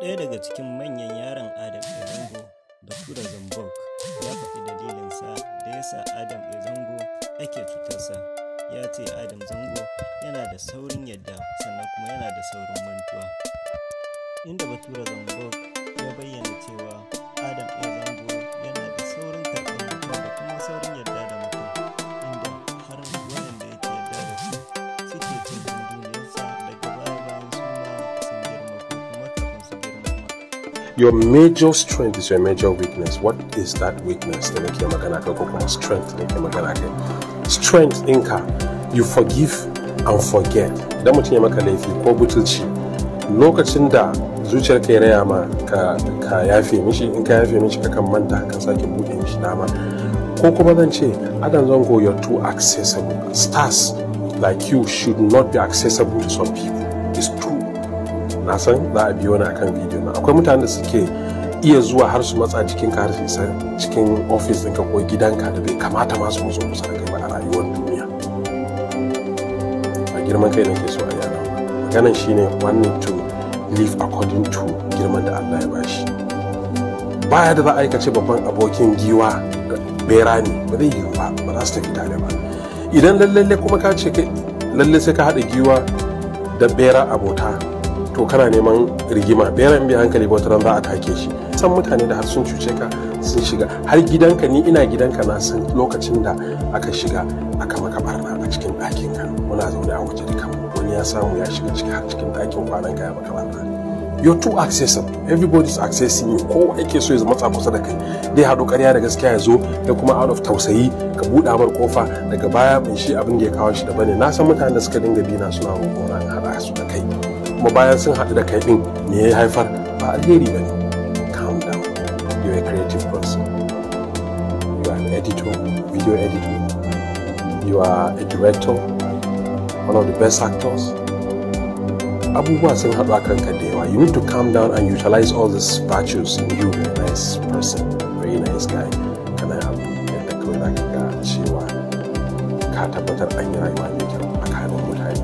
ɗaya daga cikin manyan yaran adam ezango da kura zambok ya faɗi dalilinsa da ya sa adam ezango ake cutarsa ya ce adam zango yana da saurin yadda sannan kuma yana da saurin mantuwa inda batura zambok your major strength is your major weakness what is that weakness da nake magana kai ko kuma strength da nake magana strength ɗinka you forgive and forget idan mutum ya maka laifi ko butulci lokacin da zuciyar ka ya raya ma ka, ka yafe mishi in ka yafe mishi kan manta ka sake buɗe mishi dama ko kuma zan ce adam zango you're too accessible stars like you should not be accessible to some people it's true na san za a biyo ni akan bidiyo na akwai mutane da suke iya zuwa har su matsa cikin ka har su isa cikin ofis ɗinka ko gidanka da bai kamata ma su musu kusa da kai ba a rayuwar duniya a girman kai nake so a yana maganan shine one need to live according to girman da Allah ya bashi baya da za a aikace babban abokin giwa bera ne ba zai yi ba ba za su tafi tare ba idan lalle kuma ka ce lalle sai ka haɗa giwa da bera abota to kana neman rigima beran bi hankali ba wata za a take shi san mutane da har sun cuce ka sun shiga har gidanka ni ina gidanka na san lokacin da aka shiga aka maka barna a cikin ɗakin ka muna zaune a waje da kan wani ya samu ya shiga ciki har cikin ɗakin kwanan ka ya maka barna you too accessible is accessing you ko yake so ya matsa kusa da kai dai haɗu ƙarya da gaskiya ya zo da kuma out of tausayi ka buɗa mar kofa daga baya mai shi abin da ya kawo shi da bane na san mutanen da suka dinga bina suna roƙo na haɗa su da kai kuma bayan sun haɗu da kai ɗin me ya haifar ba alheri ba ne calm down you are a creative person you are an editor video editor you are a director one of the best actors abubuwa sun haɗu a kanka da yawa you need to calm down and utilize all these virtues in you a nice person very nice guy kana abu yadda kawai za ka cewa ka tabbatar an yi rayuwa mai kyau a kanin mutane